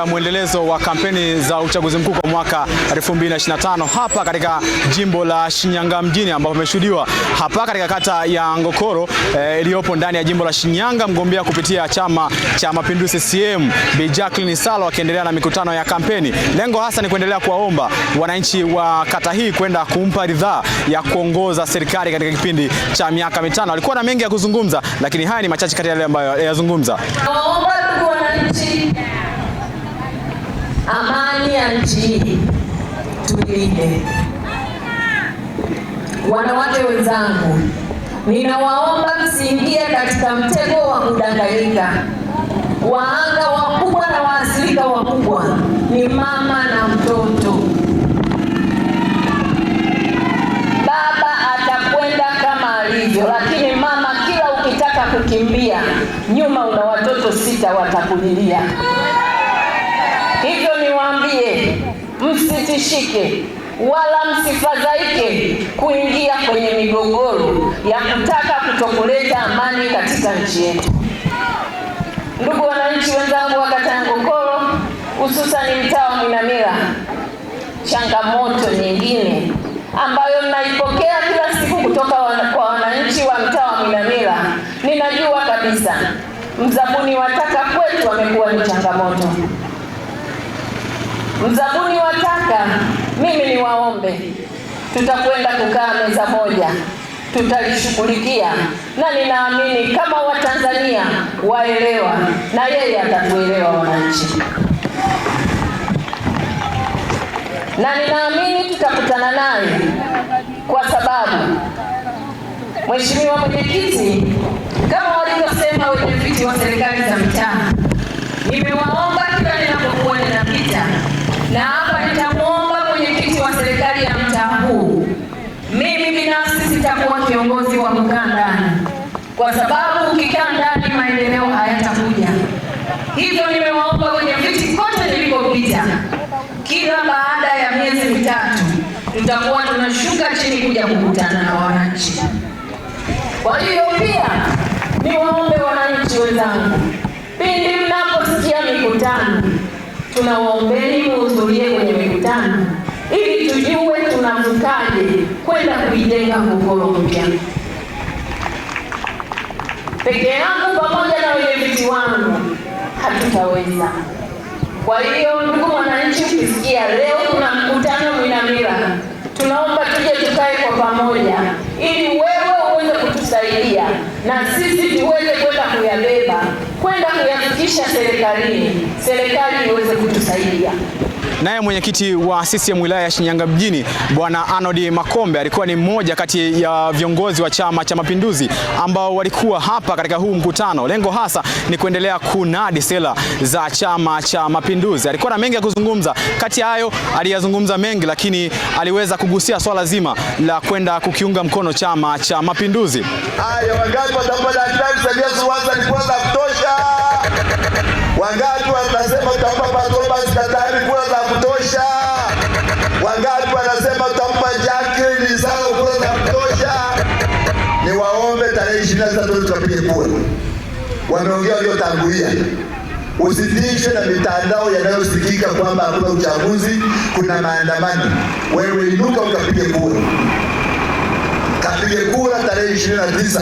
katika mwendelezo wa kampeni za uchaguzi mkuu kwa mwaka 2025 hapa katika jimbo la Shinyanga mjini, ambapo imeshuhudiwa hapa katika kata ya Ngokoro eh, iliyopo ndani ya jimbo la Shinyanga, mgombea kupitia Chama cha Mapinduzi CCM Bi Jacqueline Salo akiendelea na mikutano ya kampeni. Lengo hasa ni kuendelea kuwaomba wananchi wa kata hii kwenda kumpa ridhaa ya kuongoza serikali katika kipindi cha miaka mitano. Alikuwa na mengi ya kuzungumza, lakini haya ni machache kati ya yale ambayo yazungumza amani ya nchi hii tulinde. Wanawake wenzangu, ninawaomba msiingie katika mtego wa kudanganyika. Waanga wakubwa na waathirika wakubwa ni mama na mtoto. Baba atakwenda kama alivyo, lakini mama, kila ukitaka kukimbia nyuma, una watoto sita watakulilia. msitishike wala msifadhaike kuingia kwenye migogoro ya kutaka kutokuleta amani katika nchi yetu. Ndugu wananchi wenzangu wa kata ya Ngokoro, hususani mtaa wa Mwinamila, changamoto nyingine ambayo mnaipokea kila siku kutoka kwa wananchi wa mtaa wa Mwinamila, ninajua kabisa mzabuni wataka kwetu amekuwa ni changamoto Mzabuni wa taka, mimi niwaombe, tutakwenda kukaa meza moja, tutalishughulikia na ninaamini kama Watanzania waelewa na yeye atatuelewa wananchi, na ninaamini tutakutana naye kwa sababu Mheshimiwa Mwenyekiti, kama walivyosema viti wa serikali za mitaa nimewaona kwa sababu ukikaa ndani maendeleo hayatakuja. Hivyo nimewaomba kwenye viti kote nilipopita, kila baada ya miezi mitatu tutakuwa tunashuka chini kuja kukutana na wananchi. Kwa hiyo pia niwaombe wananchi wenzangu, pindi mnaposikia mikutano, tunawaombeni muhudhurie kwenye mikutano ili tujue tunavukaje kwenda kuijenga Ngorongoro mpya peke yangu pamoja na wenyeviti wangu hatutaweza. Kwa hiyo, ndugu mwananchi, ukisikia leo kuna mkutano Mwinamila, tunaomba tuje tukae kwa pamoja, ili wewe uweze kutusaidia na sisi tuweze kwenda kuyabeba, kwenda kuyafikisha serikalini, serikali iweze kutusaidia. Naye mwenyekiti wa CCM wilaya ya Shinyanga mjini Bwana Arnold Makombe alikuwa ni mmoja kati ya viongozi wa Chama cha Mapinduzi ambao walikuwa hapa katika huu mkutano. Lengo hasa ni kuendelea kunadi sera za Chama cha Mapinduzi. Alikuwa na mengi ya kuzungumza, kati hayo aliyazungumza mengi, lakini aliweza kugusia swala zima la kwenda kukiunga mkono Chama cha Mapinduzi. Wangapi wanasema wameongea waliotangulia. Usitishwe na mitandao yanayosikika kwamba hakuna uchaguzi, kuna maandamano. Wewe inuka ukapige kura apige kura tarehe 29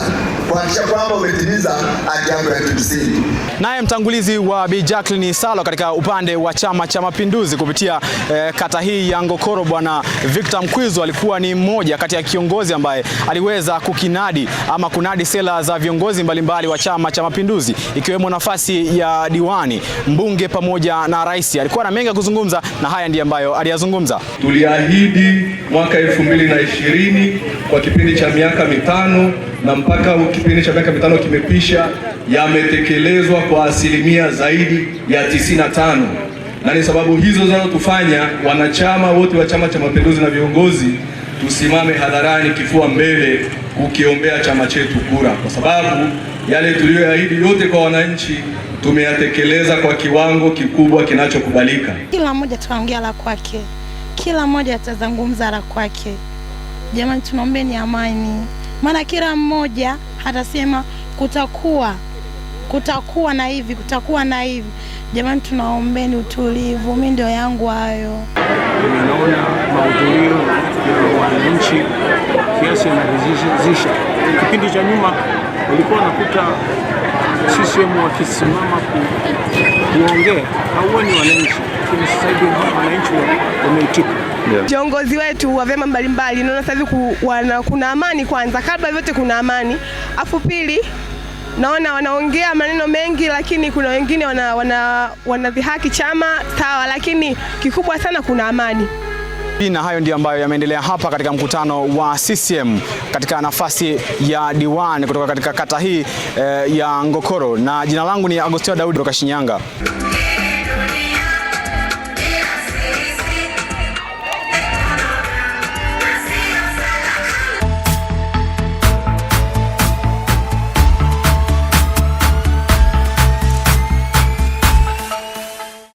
kuhakikisha kwamba umetimiza haki yako ya kimsingi. Naye mtangulizi wa Bi Jacqueline Salo katika upande wa Chama cha Mapinduzi kupitia eh, kata hii ya Ngokoro Bwana Victor Mkwizu alikuwa ni mmoja kati ya kiongozi ambaye aliweza kukinadi ama kunadi sera za viongozi mbalimbali wa Chama cha Mapinduzi ikiwemo nafasi ya diwani, mbunge pamoja na rais. Alikuwa na mengi ya kuzungumza na haya ndiyo ambayo aliyazungumza. Tuliahidi mwaka 2020 kwa kipindi cha ya miaka mitano na mpaka kipindi cha miaka mitano kimepisha, yametekelezwa kwa asilimia zaidi ya tano na ni sababu hizo zinazotufanya wanachama wote wa Chama cha Mapinduzi na viongozi tusimame hadharani kifua mbele kukiombea chama chetu kura, kwa sababu yale tuliyoahidi yote kwa wananchi tumeyatekeleza kwa kiwango kikubwa kinachokubalika. Kila mmoja tutaongea la kwake, kila mmoja atazungumza la kwake. Jamani, tunaombeni amani, maana kila mmoja atasema kutakuwa kutakuwa na hivi, kutakuwa na hivi. Jamani, tunaombeni utulivu. Mimi ndio yangu hayo. Naona mahudhurio ya wananchi kiasi yanaridhisha. Kipindi cha nyuma walikuwa wanakuta sisihemu wakisimama ku, kuongea ni wananchi, lakini sasa hivi wananchi wameitika viongozi yeah. wetu wa vyama mbalimbali, naona sasa hivi kuna amani kwanza, kabla vyote kuna amani, afu pili naona wanaongea maneno mengi, lakini kuna wengine wanadhihaki wana, wana chama sawa, lakini kikubwa sana kuna amani na hayo ndiyo ambayo yameendelea hapa katika mkutano wa CCM katika nafasi ya diwani kutoka katika kata hii eh, ya Ngokoro. Na jina langu ni Agostino Daudi kutoka Shinyanga.